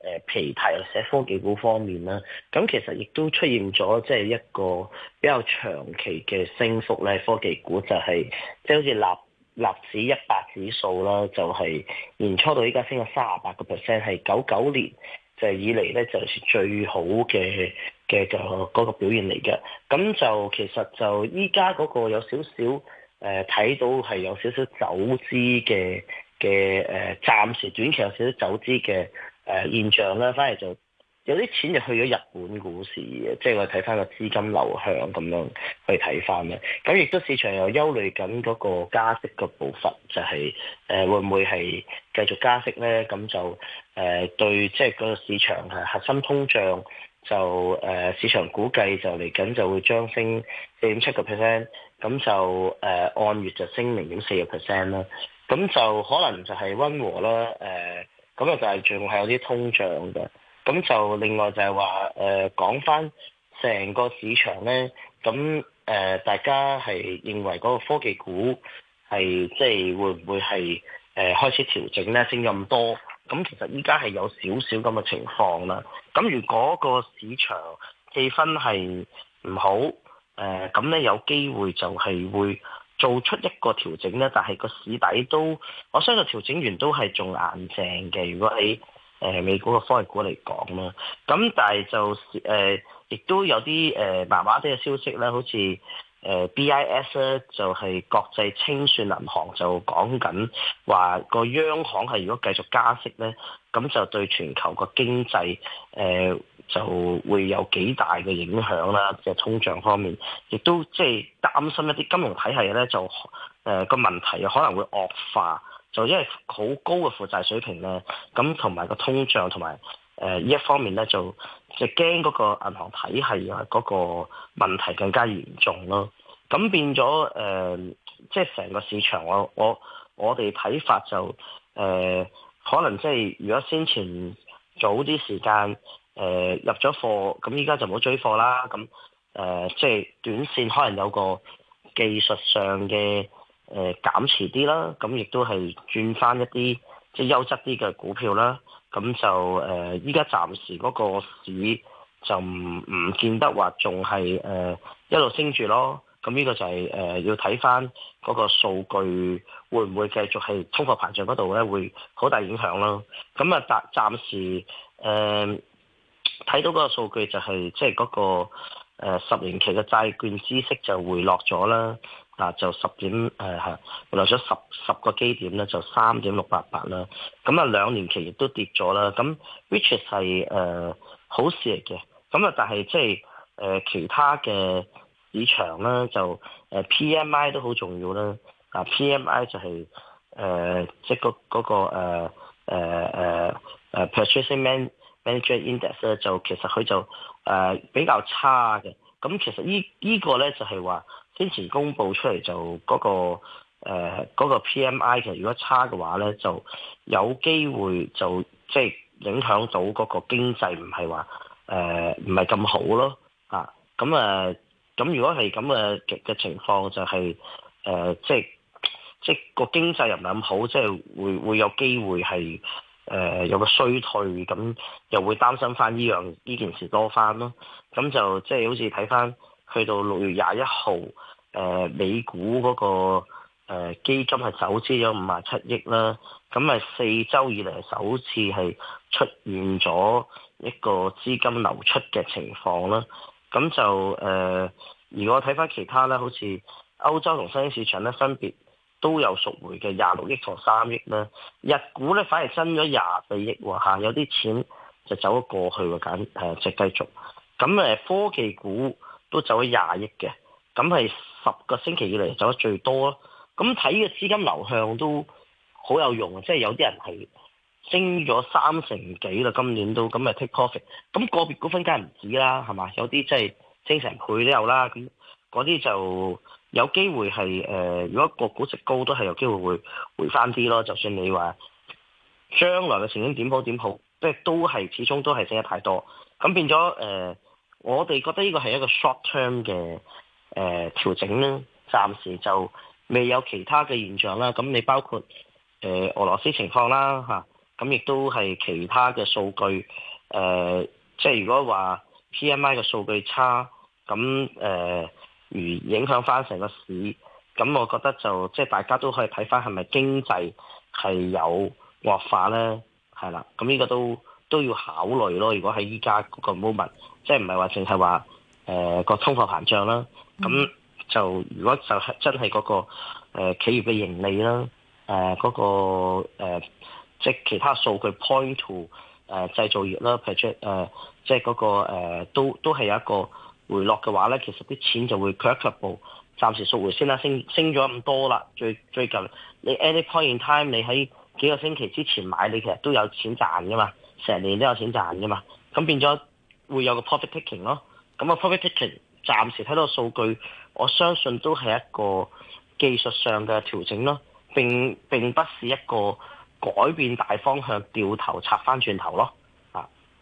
誒疲態啦，又寫、呃、科技股方面啦，咁、啊、其實亦都出現咗即係一個比較長期嘅升幅咧。科技股就係即係好似立納，納指一百指數啦，就係、是、年初到依家升咗三十八個 percent，係九九年就係以嚟咧就係最好嘅嘅、那個嗰表現嚟嘅。咁就其實就依家嗰個有少少誒睇、呃、到係有少少走資嘅嘅誒，暫時短期有少少走資嘅。誒現象咧，反而就有啲錢就去咗日本股市嘅，即係我哋睇翻個資金流向咁樣去睇翻咧。咁亦都市場又憂慮緊嗰個加息嘅步伐，就係、是、誒、呃、會唔會係繼續加息咧？咁就誒、呃、對，即、就、係、是、個市場係核心通脹就誒、呃、市場估計就嚟緊就會將升四點七個 percent，咁就誒、呃、按月就升零點四個 percent 啦。咁就可能就係溫和啦，誒、呃。咁啊，就係仲係有啲通脹嘅。咁就另外就係話，誒講翻成個市場咧，咁、呃、誒大家係認為嗰個科技股係即係會唔會係誒、呃、開始調整咧？升咗咁多，咁其實依家係有少少咁嘅情況啦。咁如果個市場氣氛係唔好，誒咁咧有機會就係會，做出一個調整咧，但係個市底都我相信調整完都係仲硬淨嘅。如果你誒、呃、美股嘅科技股嚟講啦，咁但係就誒亦、呃、都有啲誒麻麻地嘅消息啦，好似誒、呃、BIS 咧、啊、就係、是、國際清算銀行就講緊話個央行係如果繼續加息咧，咁就對全球個經濟誒。呃就會有幾大嘅影響啦，嘅通脹方面亦都即係擔心一啲金融體系咧，就誒個問題可能會惡化，就因為好高嘅負債水平咧，咁同埋個通脹同埋誒呢一方面咧，就就驚嗰個銀行體系啊嗰個問題更加嚴重咯。咁變咗誒，即係成個市場我我我哋睇法就誒、是呃，可能即係如果先前早啲時間。誒、呃，入咗貨，咁依家就冇追貨啦。咁、呃、誒，即係短線可能有個技術上嘅誒減持啲啦。咁亦都係轉翻一啲即係優質啲嘅股票啦。咁就誒，依家暫時嗰個市就唔唔見得話仲係誒一路升住咯。咁呢個就係、是、誒、呃、要睇翻嗰個數據會唔會繼續係通貨膨脹嗰度咧，會好大影響咯。咁啊暫暫時誒。呃睇到嗰個數據就係即係嗰個、呃、十年期嘅債券孳息就回落咗啦，啊就十點誒、呃、回落咗十十個基點咧，就三點六八八啦。咁啊兩年期亦都跌咗啦。咁 which is 係好事嚟嘅。咁啊但係即係誒其他嘅市場咧就誒、呃、P M I 都好重要啦。啊 P M I 就係誒即係嗰嗰個誒誒誒 a n N. J. Index 咧就其實佢就誒、呃、比較差嘅，咁、嗯、其實、這個、呢依個咧就係話先前公布出嚟就嗰、那個誒、呃那個、P. M. I. 其實如果差嘅話咧，就有機會就即係、就是、影響到嗰個經濟唔係話誒唔係咁好咯啊咁啊咁如果係咁嘅嘅情況就係、是、誒、呃、即係即係個經濟又唔係咁好，即、就、係、是、會會有機會係。誒、呃、有個衰退，咁又會擔心翻呢樣呢件事多翻咯。咁就即係好似睇翻，去到六月廿一號，誒、呃、美股嗰、那個、呃、基金係走資咗五十七億啦。咁係四周以嚟首次係出現咗一個資金流出嘅情況啦。咁就誒、呃，如果睇翻其他咧，好似歐洲同新興市場咧分別。都有贖回嘅，廿六億同三億啦，日股咧反而增咗廿四億喎，嚇有啲錢就走咗過去喎，簡誒直繼續，咁誒科技股都走咗廿億嘅，咁係十個星期以嚟走得最多咯，咁睇嘅資金流向都好有用，即係有啲人係升咗三成幾啦，今年都咁咪 take profit，咁、那個別股份梗係唔止啦，係嘛，有啲即係升成倍都有啦咁。嗰啲就有機會係誒、呃，如果個估值高，都係有機會會回翻啲咯。就算你話將來嘅前景點好點好，即係都係始終都係升得太多，咁變咗誒、呃，我哋覺得呢個係一個 short term 嘅誒調整啦。暫時就未有其他嘅現象啦。咁你包括誒、呃、俄羅斯情況啦嚇，咁、啊、亦都係其他嘅數據誒、呃，即係如果話 PMI 嘅數據差，咁誒。呃而影響翻成個市，咁我覺得就即係大家都可以睇翻係咪經濟係有惡化咧，係啦，咁呢個都都要考慮咯。如果喺依家嗰個 moment，即係唔係話淨係話誒個通貨膨脹啦，咁就如果就係真係嗰、嗰個、呃、企業嘅盈利啦，誒、呃、嗰、嗰個、呃、即係其他數據 point to 誒、呃、製造業啦，譬如誒即係、嗰、嗰個、呃嗰個呃、都都係有一個。回落嘅話咧，其實啲錢就會卻一卻步，暫時縮回先啦。升升咗咁多啦，最最近你 any point in time 你喺幾個星期之前買，你其實都有錢賺噶嘛，成年都有錢賺噶嘛。咁變咗會有個 profit taking 咯。咁、那、啊、個、profit taking 暫時睇到數據，我相信都係一個技術上嘅調整咯，並並不是一個改變大方向、掉頭拆翻轉頭咯。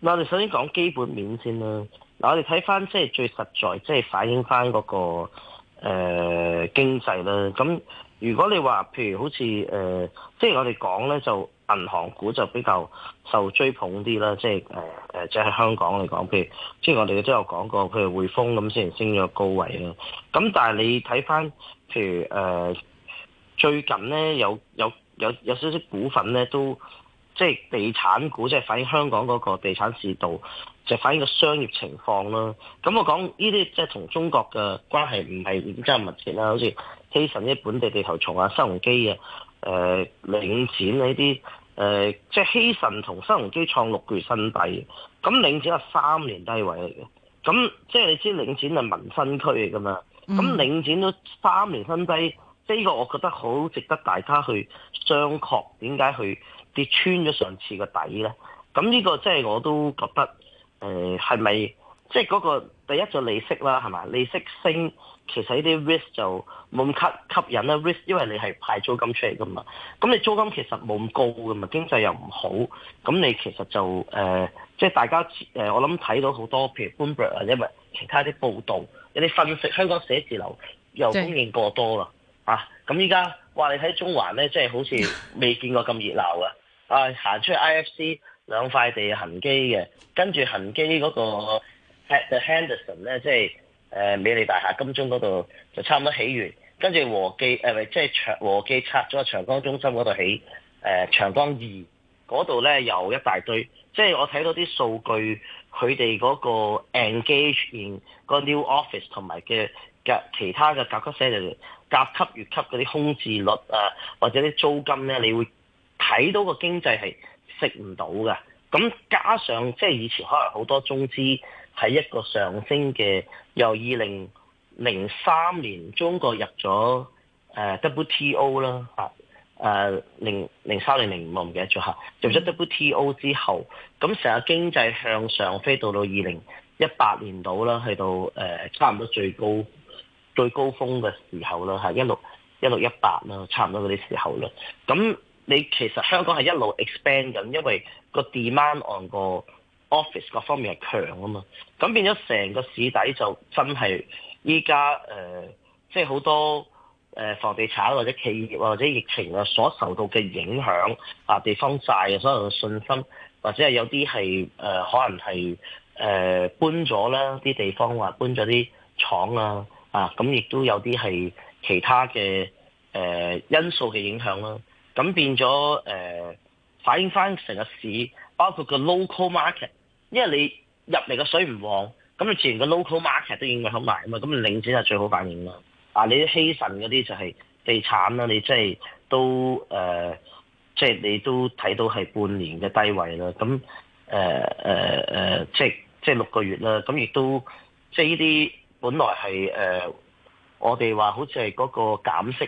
嗱，我哋首先講基本面先啦。嗱，我哋睇翻即係最實在，即係反映翻嗰個誒經濟啦。咁如果你話譬如好似誒，即係我哋講咧，就銀行股就比較受追捧啲啦。即係誒誒，即係香港嚟講，譬如即係我哋都有講過，譬如匯豐咁先升咗高位啦。咁但係你睇翻譬如誒，最近咧有有有有少少股份咧都。即係地產股，即係反映香港嗰個地產市道，就反映個商業情況啦。咁我講呢啲即係同中國嘅關係唔係咁親密切啦。好似希慎啲本地地頭蟲啊，新鴻基啊，誒、呃、領展呢啲誒，即係希慎同新鴻基創六個月新低，咁領展係三年低位嚟嘅。咁即係你知領展係民生區嚟㗎嘛？咁領展都三年新低，嗯、即呢個我覺得好值得大家去商榷點解去。你穿咗上次個底咧，咁呢個即係我都覺得，誒係咪即係嗰個第一就利息啦，係嘛？利息升，其實呢啲 risk 就冇咁吸吸引啦。risk 因為你係派租金出嚟噶嘛，咁你租金其實冇咁高噶嘛，經濟又唔好，咁你其實就誒、呃，即係大家誒、呃，我諗睇到好多譬如 Bloomberg 啊，或者其他啲報道，你啲分析香港寫字樓又供應過多啦，即啊，咁依家哇，你睇中環咧，即係好似未見過咁熱鬧嘅。啊，行出去 I F C 兩塊地恆基嘅，跟住恆基嗰個 At the Henderson 咧，即係誒美利大廈金鐘嗰度就差唔多起完，跟住和記誒咪即係長和記拆咗長江中心嗰度起誒、呃、長江二嗰度咧又一大堆，即係我睇到啲數據，佢哋嗰個 engagement 個 new office 同埋嘅嘅其他嘅甲級寫住甲級乙級嗰啲空置率啊，或者啲租金咧，你會？睇到個經濟係食唔到㗎，咁加上即係以前可能好多中資喺一個上升嘅，由二零零三年中國入咗誒 WTO 啦，嚇誒零零三零零五我唔記得咗嚇，入咗 WTO 之後，咁成日經濟向上飛，到到二零一八年度啦，去到誒差唔多最高最高峰嘅時候啦，嚇一六一六一八啦，16, 16 18，差唔多嗰啲時候啦，咁。你其實香港係一路 expand 緊，因為個 demand 同個 office 各方面係強啊嘛，咁變咗成個市底就真係依家誒，即係好多誒房地產或者企業或者疫情啊所受到嘅影響啊，地方債啊所有嘅信心，或者係有啲係誒可能係誒、呃、搬咗啦，啲地方話搬咗啲廠啊，啊咁亦都有啲係其他嘅誒、呃、因素嘅影響啦、啊。咁變咗誒、呃、反映翻成個市，包括個 local market，因為你入嚟個水唔旺，咁你自然個 local market 都影響好埋啊嘛，咁領展就最好反映啦。嗱、啊，你希慎嗰啲就係地產啦，你即係都誒，即、呃、係、就是、你都睇到係半年嘅低位啦。咁誒誒誒，即係即係六個月啦。咁亦都即係呢啲本來係誒、呃，我哋話好似係嗰個減息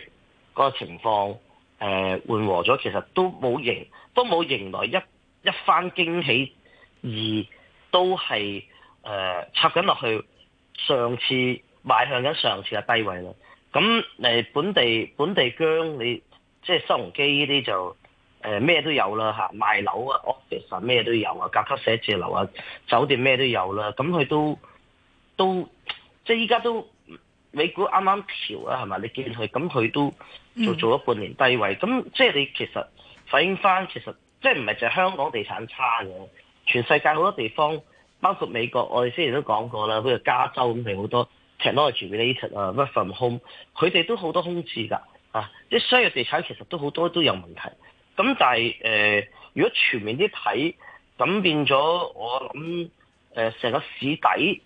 嗰個情況。誒、呃、緩和咗，其實都冇迎，都冇迎來一一番驚喜，而都係誒、呃、插緊落去，上次邁向緊上次嘅低位啦。咁、嗯、誒本地本地薑，你即係收容機呢啲就誒咩、呃、都有啦嚇，賣樓啊、office 啊咩都有啊，甲級寫字樓啊、酒店咩都有啦。咁佢都都即係依家都。都美股啱啱調啊，係咪？你見佢咁佢都就做咗半年低位，咁、mm. 即係你其實反映翻，其實即係唔係淨係香港地產差嘅，全世界好多地方，包括美國，我哋之前都講過啦，譬如加州咁，係好多 technology related from home，佢哋都好多空置㗎，啊，即商業地產其實都好多都有問題，咁但係誒、呃，如果全面啲睇，咁變咗我諗誒成個市底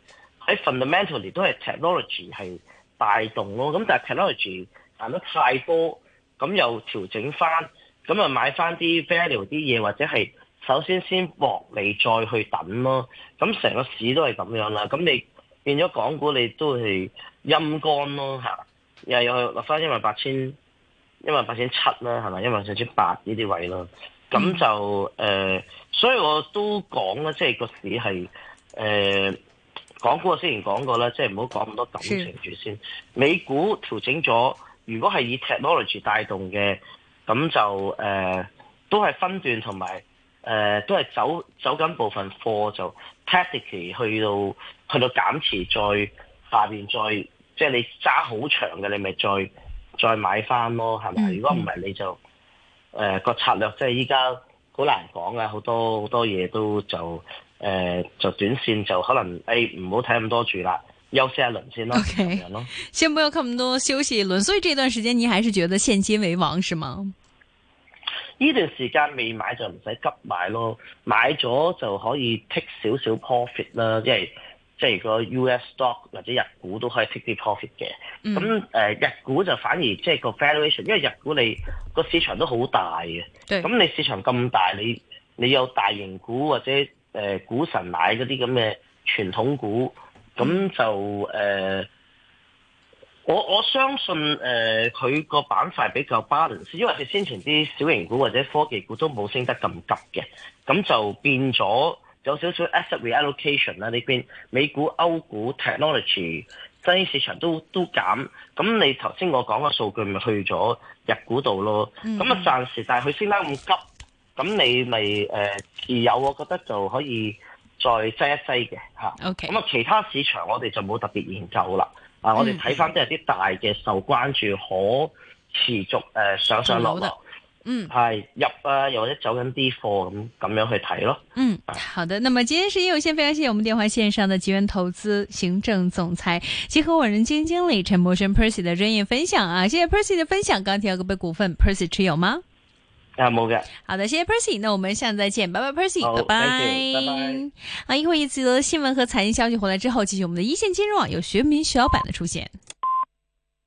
喺 fundamentally 都係 technology 系。帶動咯，咁但係 technology 行得太多，咁又調整翻，咁啊買翻啲 value 啲嘢，或者係首先先搏你再去等咯，咁成個市都係咁樣啦，咁你變咗港股你都係陰乾咯，吓，又又落翻一萬八千，一萬八千七啦，係咪一萬八千八呢啲位咯，咁就誒、呃，所以我都講啦，即係個市係誒。呃港股我先前講過啦，即係唔好講咁多感情住先。美股調整咗，如果係以 technology 帶動嘅，咁就誒、呃、都係分段同埋誒都係走走緊部分貨就 technical 去到去到減持，再下邊再即係你揸好長嘅，你咪再再買翻咯，係咪？Mm hmm. 如果唔係你就誒個、呃、策略即係依家好難講嘅，好多好多嘢都就。誒、呃，就短綫就可能誒，唔好睇咁多住啦，休息一輪先咯。O Okay . K，先不要咁多休息一輪，所以呢段時間你還是覺得現金為王是嗎？呢段時間未買就唔使急買咯，買咗就可以剔少少 profit 啦。即係即係個 U S stock 或者日股都可以剔啲 profit 嘅。咁誒、嗯呃，日股就反而即係個 valuation，因為日股你個市場都好大嘅。咁對你市場咁大，你你有大型股或者。誒股、呃、神買嗰啲咁嘅傳統股，咁就誒、呃，我我相信誒佢個板塊比較 balance，因為佢先前啲小型股或者科技股都冇升得咁急嘅，咁就變咗有少少 asset reallocation 啦，呢邊，美股、歐股、technology、新興市場都都減，咁你頭先我講個數據咪去咗日股度咯，咁啊暫時，但係佢升得咁急。咁、嗯、你咪誒、呃、有，我覺得就可以再擠一擠嘅吓。咁啊，Okay. 其他市場我哋就冇特別研究啦。啊，嗯、我哋睇翻都係啲大嘅受關注，嗯、可持續誒、呃、上上落落。嗯，係入啊，又或者走緊啲貨咁咁樣去睇咯。啊、嗯，好的。那麼今天時間有限，非常謝謝我們電話線上的集源投資行政總裁及合夥人基金經理陳柏軒 Percy 的專業分享啊！謝謝 Percy 的分享。鋼鐵股被股份 Percy 持有嗎？啊啊啊，冇嘅。好的，謝謝 Percy，那我們下次再見，拜拜，Percy，oh, 拜拜。拜拜。啊，一會又有新聞和財經消息回來之後，繼續我們的一線金融網有學名徐老闆的出現。